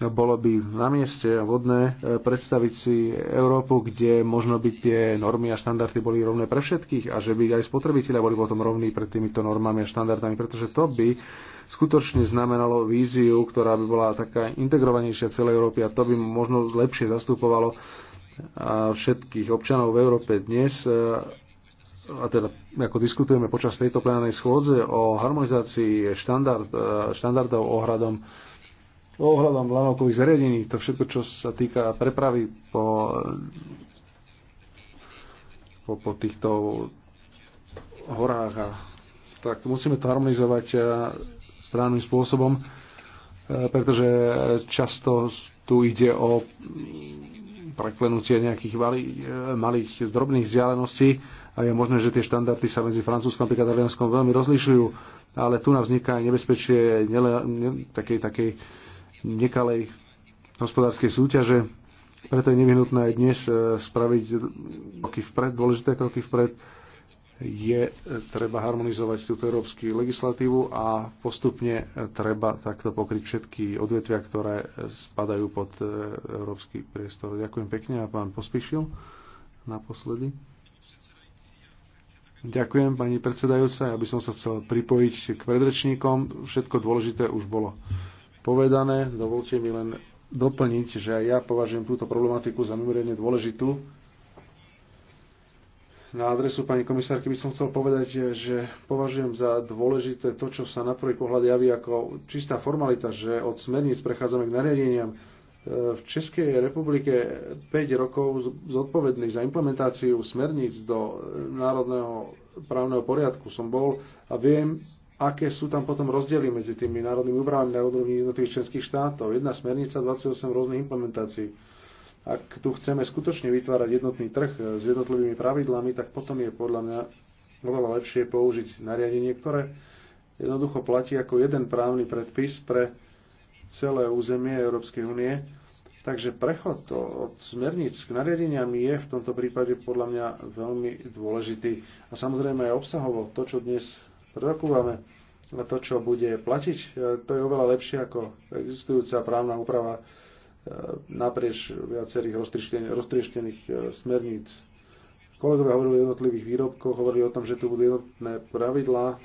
No, bolo by na mieste a vhodné e, predstaviť si Európu, kde možno by tie normy a štandardy boli rovné pre všetkých a že by aj spotrebitelia boli potom rovní pred týmito normami a štandardami, pretože to by skutočne znamenalo víziu, ktorá by bola taká integrovanejšia celej Európy a to by možno lepšie zastupovalo e, všetkých občanov v Európe dnes e, a teda ako diskutujeme počas tejto plenárnej schôdze o harmonizácii štandard, štandardov ohradom ohľadom lanovkových zariadení, to všetko, čo sa týka prepravy po, po, po týchto horách, a, tak musíme to harmonizovať e, správnym spôsobom, e, pretože často tu ide o preklenutie nejakých mali, e, malých drobných vzdialeností a je možné, že tie štandardy sa medzi Francúzskom a Talianskom veľmi rozlišujú, ale tu nám vzniká aj nebezpečie nele, ne, takej, takej nekalej hospodárskej súťaže. Preto je nevyhnutné aj dnes e, spraviť kroky vpred, dôležité kroky vpred. Je e, treba harmonizovať túto európsku legislatívu a postupne e, treba takto pokryť všetky odvetvia, ktoré spadajú pod európsky priestor. Ďakujem pekne a pán pospíšil naposledy. Ďakujem, pani predsedajúca. Ja by som sa chcel pripojiť k predrečníkom. Všetko dôležité už bolo povedané. Dovolte mi len doplniť, že aj ja považujem túto problematiku za mimoriadne dôležitú. Na adresu pani komisárky by som chcel povedať, že považujem za dôležité to, čo sa na prvý pohľad javí ako čistá formalita, že od smerníc prechádzame k nariadeniam. V Českej republike 5 rokov zodpovedný za implementáciu smerníc do národného právneho poriadku som bol a viem, aké sú tam potom rozdiely medzi tými národnými úpravami na úrovni jednotlivých členských štátov. Jedna smernica, 28 rôznych implementácií. Ak tu chceme skutočne vytvárať jednotný trh s jednotlivými pravidlami, tak potom je podľa mňa oveľa lepšie použiť nariadenie, ktoré jednoducho platí ako jeden právny predpis pre celé územie Európskej únie. Takže prechod od smerníc k nariadeniam je v tomto prípade podľa mňa veľmi dôležitý. A samozrejme aj obsahovo to, čo dnes rokúvame na to, čo bude platiť, e, to je oveľa lepšie ako existujúca právna úprava e, naprieč viacerých roztrieštených e, smerníc. Kolegovia hovorili o jednotlivých výrobkoch, hovorili o tom, že tu budú jednotné pravidlá,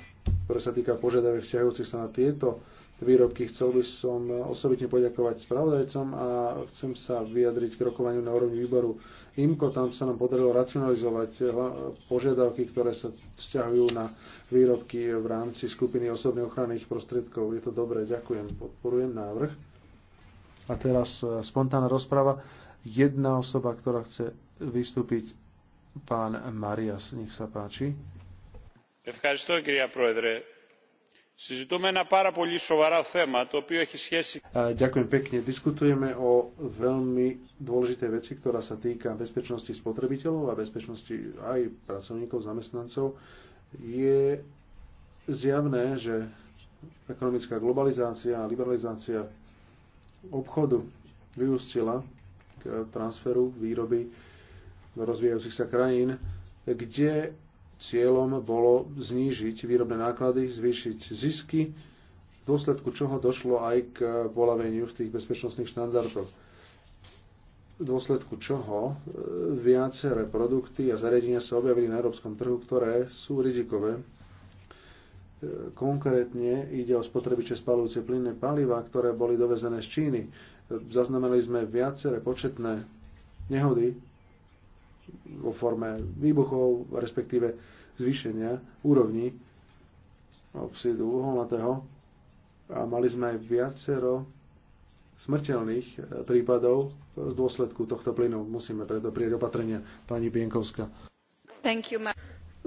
ktoré sa týka požiadaviek vzťahujúcich sa na tieto výrobky. Chcel by som osobitne poďakovať spravodajcom a chcem sa vyjadriť k rokovaniu na úrovni výboru IMKO. Tam sa nám podarilo racionalizovať požiadavky, ktoré sa vzťahujú na výrobky v rámci skupiny osobne ochranných prostriedkov. Je to dobré, ďakujem, podporujem návrh. A teraz e, spontánna rozprava. Jedna osoba, ktorá chce vystúpiť, pán Marias, nech sa páči. Ďakujem, Ďakujem pekne. Diskutujeme o veľmi dôležitej veci, ktorá sa týka bezpečnosti spotrebiteľov a bezpečnosti aj pracovníkov, zamestnancov. Je zjavné, že ekonomická globalizácia a liberalizácia obchodu vyústila k transferu výroby do rozvíjajúcich sa krajín, kde Cieľom bolo znížiť výrobné náklady, zvýšiť zisky, v dôsledku čoho došlo aj k polaveniu v tých bezpečnostných štandardoch. V dôsledku čoho e, viaceré produkty a zariadenia sa objavili na európskom trhu, ktoré sú rizikové. E, konkrétne ide o spotrebiče spalujúce plynné paliva, ktoré boli dovezené z Číny. E, zaznamenali sme viaceré početné nehody vo forme výbuchov, respektíve zvýšenia úrovni oxidu uholnatého a mali sme aj viacero smrteľných e, prípadov v dôsledku tohto plynu. Musíme preto prieť opatrenia. Pani Pienkovská. Thank you, ma-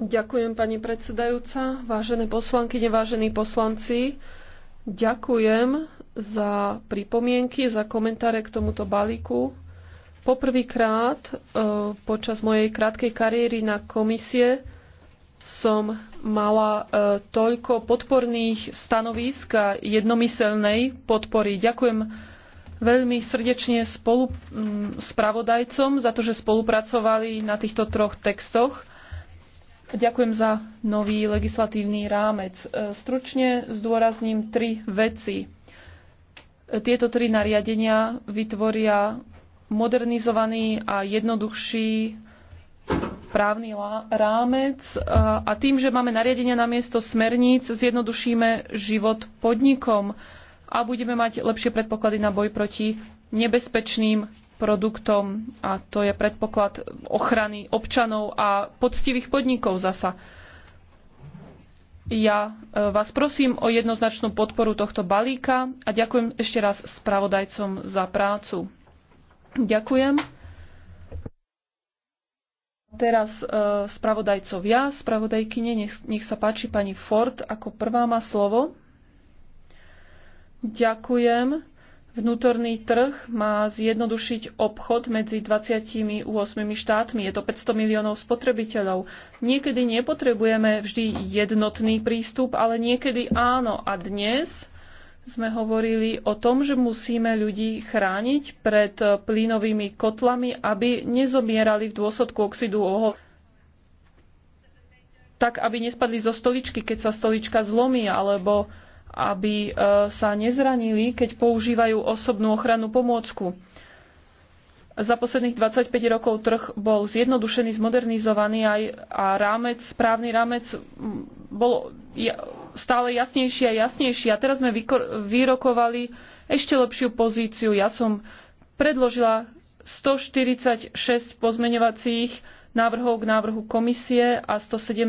Ďakujem, pani predsedajúca. Vážené poslanky, nevážení poslanci, ďakujem za pripomienky, za komentáre k tomuto balíku. Poprvýkrát e, počas mojej krátkej kariéry na komisie som mala e, toľko podporných stanovísk a jednomyselnej podpory. Ďakujem veľmi srdečne spolu, spravodajcom za to, že spolupracovali na týchto troch textoch. Ďakujem za nový legislatívny rámec. E, stručne zdôrazním tri veci. E, tieto tri nariadenia vytvoria modernizovaný a jednoduchší právny rámec e, a tým, že máme nariadenia na miesto smerníc, zjednodušíme život podnikom a budeme mať lepšie predpoklady na boj proti nebezpečným produktom a to je predpoklad ochrany občanov a poctivých podnikov zasa. Ja e, vás prosím o jednoznačnú podporu tohto balíka a ďakujem ešte raz spravodajcom za prácu. Ďakujem. Teraz uh, spravodajcovia, spravodajkyne, nech, nech sa páči pani Ford, ako prvá má slovo. Ďakujem. Vnútorný trh má zjednodušiť obchod medzi 28 štátmi. Je to 500 miliónov spotrebiteľov. Niekedy nepotrebujeme vždy jednotný prístup, ale niekedy áno. A dnes sme hovorili o tom, že musíme ľudí chrániť pred plynovými kotlami, aby nezomierali v dôsledku oxidu uhol tak, aby nespadli zo stoličky, keď sa stolička zlomí, alebo aby e, sa nezranili, keď používajú osobnú ochrannú pomôcku. Za posledných 25 rokov trh bol zjednodušený, zmodernizovaný aj, a rámec, právny rámec bol stále jasnejší a jasnejší. A teraz sme vyrokovali ešte lepšiu pozíciu. Ja som predložila 146 pozmeňovacích návrhov k návrhu komisie a 117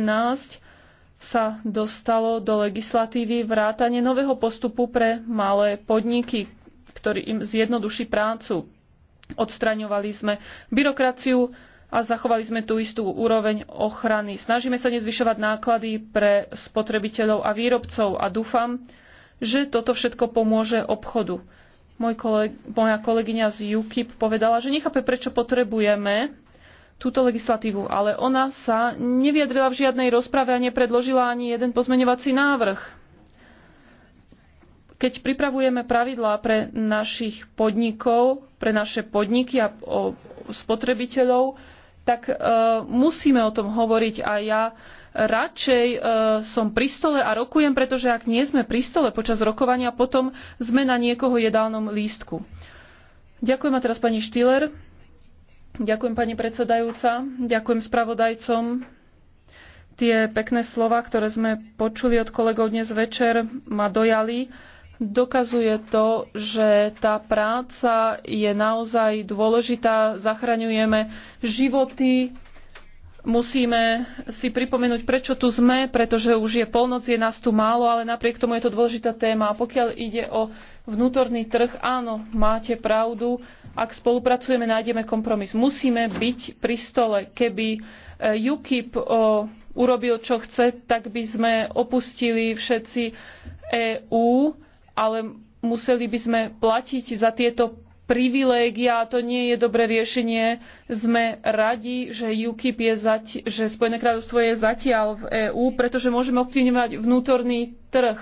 sa dostalo do legislatívy vrátane nového postupu pre malé podniky, ktorý im zjednoduší prácu. Odstraňovali sme byrokraciu a zachovali sme tú istú úroveň ochrany. Snažíme sa nezvyšovať náklady pre spotrebiteľov a výrobcov a dúfam, že toto všetko pomôže obchodu. Môj koleg- moja kolegyňa z UKIP povedala, že nechápe, prečo potrebujeme túto legislatívu, ale ona sa nevyjadrila v žiadnej rozprave a nepredložila ani jeden pozmeňovací návrh. Keď pripravujeme pravidlá pre našich podnikov, pre naše podniky a spotrebiteľov, tak e, musíme o tom hovoriť a ja radšej e, som pri stole a rokujem, pretože ak nie sme pri stole počas rokovania, potom sme na niekoho jedálnom lístku. Ďakujem a teraz pani Štiller. Ďakujem pani predsedajúca. Ďakujem spravodajcom. Tie pekné slova, ktoré sme počuli od kolegov dnes večer, ma dojali. Dokazuje to, že tá práca je naozaj dôležitá, zachraňujeme životy, musíme si pripomenúť, prečo tu sme, pretože už je polnoc, je nás tu málo, ale napriek tomu je to dôležitá téma. A pokiaľ ide o vnútorný trh, áno, máte pravdu, ak spolupracujeme, nájdeme kompromis. Musíme byť pri stole. Keby e, UKIP urobil, čo chce, tak by sme opustili všetci EÚ ale museli by sme platiť za tieto privilégia a to nie je dobré riešenie. Sme radi, že UKIP je zati- že Spojené kráľovstvo je zatiaľ v EÚ, pretože môžeme ovplyvňovať vnútorný trh.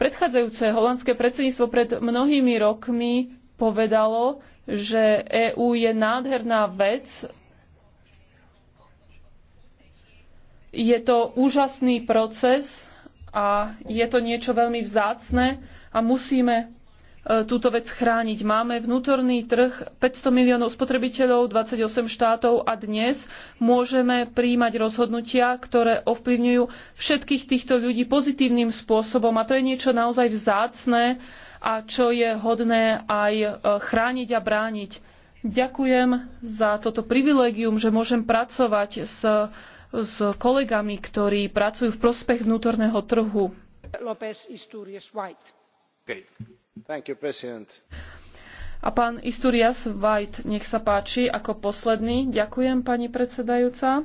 Predchádzajúce holandské predsedníctvo pred mnohými rokmi povedalo, že EÚ je nádherná vec, je to úžasný proces, a je to niečo veľmi vzácne a musíme e, túto vec chrániť. Máme vnútorný trh 500 miliónov spotrebiteľov, 28 štátov a dnes môžeme príjmať rozhodnutia, ktoré ovplyvňujú všetkých týchto ľudí pozitívnym spôsobom a to je niečo naozaj vzácne a čo je hodné aj e, chrániť a brániť. Ďakujem za toto privilégium, že môžem pracovať s s kolegami, ktorí pracujú v prospech vnútorného trhu. A pán Isturias White, nech sa páči, ako posledný. Ďakujem, pani predsedajúca.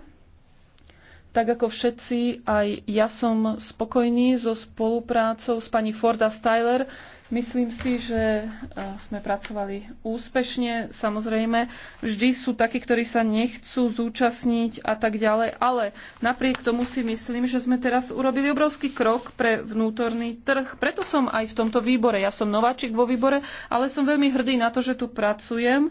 Tak ako všetci, aj ja som spokojný so spoluprácou s pani Forda Styler Myslím si, že e, sme pracovali úspešne. Samozrejme, vždy sú takí, ktorí sa nechcú zúčastniť a tak ďalej, ale napriek tomu si myslím, že sme teraz urobili obrovský krok pre vnútorný trh. Preto som aj v tomto výbore. Ja som nováčik vo výbore, ale som veľmi hrdý na to, že tu pracujem.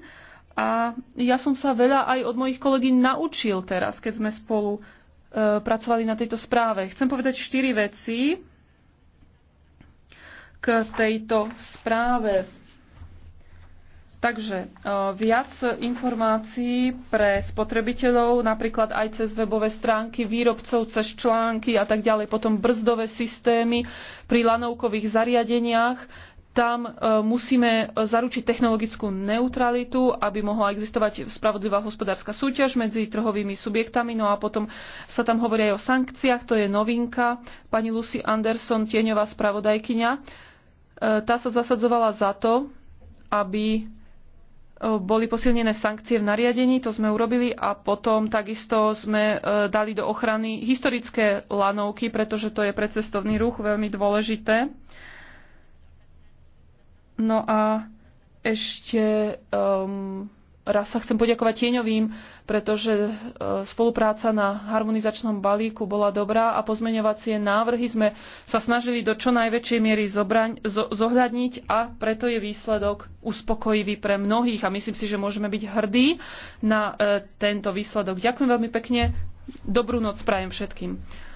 A ja som sa veľa aj od mojich kolegy naučil teraz, keď sme spolu e, pracovali na tejto správe. Chcem povedať štyri veci k tejto správe. Takže e, viac informácií pre spotrebiteľov, napríklad aj cez webové stránky výrobcov, cez články a tak ďalej, potom brzdové systémy pri lanovkových zariadeniach. Tam e, musíme zaručiť technologickú neutralitu, aby mohla existovať spravodlivá hospodárska súťaž medzi trhovými subjektami. No a potom sa tam hovorí aj o sankciách, to je novinka. Pani Lucy Anderson, tieňová spravodajkyňa E, tá sa zasadzovala za to, aby e, boli posilnené sankcie v nariadení, to sme urobili a potom takisto sme e, dali do ochrany historické lanovky, pretože to je pre cestovný ruch veľmi dôležité. No a ešte um, raz sa chcem poďakovať tieňovým, pretože e, spolupráca na harmonizačnom balíku bola dobrá a pozmeňovacie návrhy sme sa snažili do čo najväčšej miery zobraň, zo, zohľadniť a preto je výsledok uspokojivý pre mnohých a myslím si, že môžeme byť hrdí na e, tento výsledok. Ďakujem veľmi pekne, dobrú noc prajem všetkým.